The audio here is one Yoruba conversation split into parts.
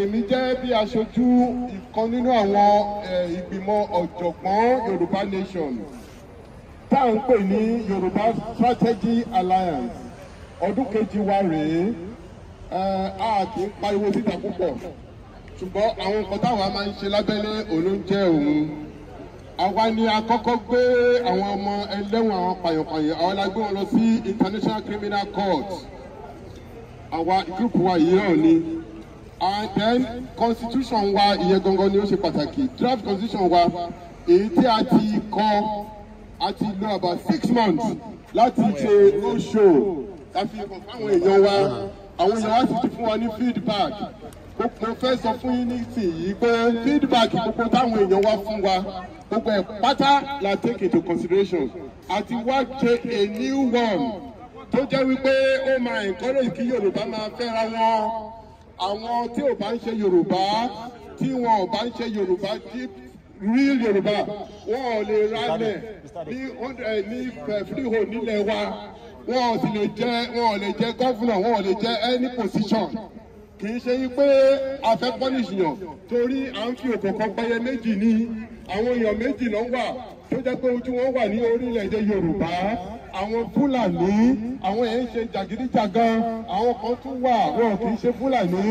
èmi jẹ́ bí aṣojú ìkan nínú àwọn ìgbìmọ̀ ọ̀jọ̀gbọ́n Yorùbá Nation tá à ń pè ní Yorùbá Strategy Alliance ọdún kejì wa rèé a kì í pariwo síta púpọ̀ ṣùgbọ́n àwọn nǹkan táwa máa ń ṣe lábẹ́lé òun ló ń jẹ́ òun àwa ni a kọ́kọ́ gbé àwọn ọmọ ẹlẹ́wọ̀n àwọn pàyànpàyàn àwa la gbé wọn lọ sí International Criminal Court àwa gúrùpù wa yìí náà ni and then constitution wa ìyẹn gangan ni ó ṣe pàtàkì draft constitution wa èyí tí a ti kọ a ti lò about six months láti ṣe oṣù láti àwọn èèyàn wa àwọn èèyàn wa sì ti fún wa ní feedback mo fẹ́ sọ fún yín nísìnyí pé feedback gbogbo táwọn èèyàn wa fún wa gbogbo ẹ̀ pátá la take into consideration àti wá ṣe a new one tó jẹ́ wípé ó máa encourage kí Yorùbá máa fẹ́ra wọn àwọn tí ò bá ń ṣe Yorùbá tí wọn ò bá ń ṣe Yorùbá deep real Yorùbá wọn ò lè rálẹ̀ ní eh, ní eh, freehold nílẹ̀ wa wọn ò sì lè jẹ́ wọn ò lè jẹ́ gọ́fúnà wọn ò lè jẹ́ any position kì í ṣe pé a fẹ́ pọ́nìṣìyàn torí à ń fi òkòkò pẹyẹ méjì ní àwọn èèyàn méjì náà wà tó jẹ́ pé ojú wọn wà ní orílẹ̀-èdè Yorùbá àwọn Fúlàní àwọn yẹn ń ṣe jàgídíjàgan àwọn kan tún wà wọn kì í ṣe Fúlàní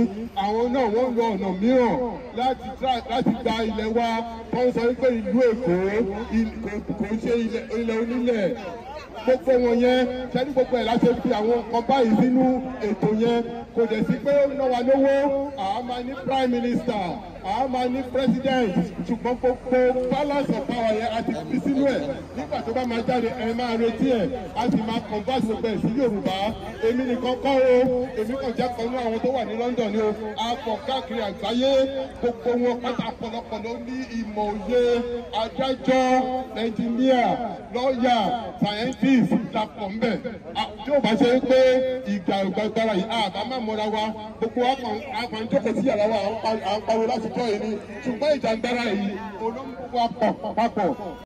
àwọn náà wọ́n lọ ọ̀nà mìíràn láti gba ilẹ̀ wa wọ́n sọ wípé ìlú Èkó kò ń ṣe ilẹ̀ onílẹ̀ gbogbo wọn yẹn sẹ́ni gbogbo ẹ̀ láti fi àwọn nǹkan báyìí sínú ètò yẹn kò dẹ̀ sí pé ó ná wa lówó àá máa ní prime minister àá máa ní president ṣùgbọ́n gbogbo balance of power tọ́jú ẹ̀ nígbà tó bá máa jáde ẹ máa retí ẹ̀ a sì máa convert gbogbo ẹ̀ sí Yorùbá èmi nìkan kọ́ o èmi kàn jẹ́ kan ní àwọn tó wà ní London ni o a pọ̀ káàkiri àgbáyé gbogbo wọn pátá pọ̀lọpọ̀lọ ní ìmọ̀ òye adájọ́ ẹnjìníà lọ́ọ̀yà scientist dàpọ̀ ń bẹ̀ tí ò bá ṣe pé ìgbà ìgbàgbára yìí àbá má mọ́ra wa gbogbo àwọn jókòó sí yàrá wa à ń pariwo láti tọ́ ẹ̀ ṣùgbọ́n ìjàngbara yìí olóńgbò wa pọ̀ papọ̀.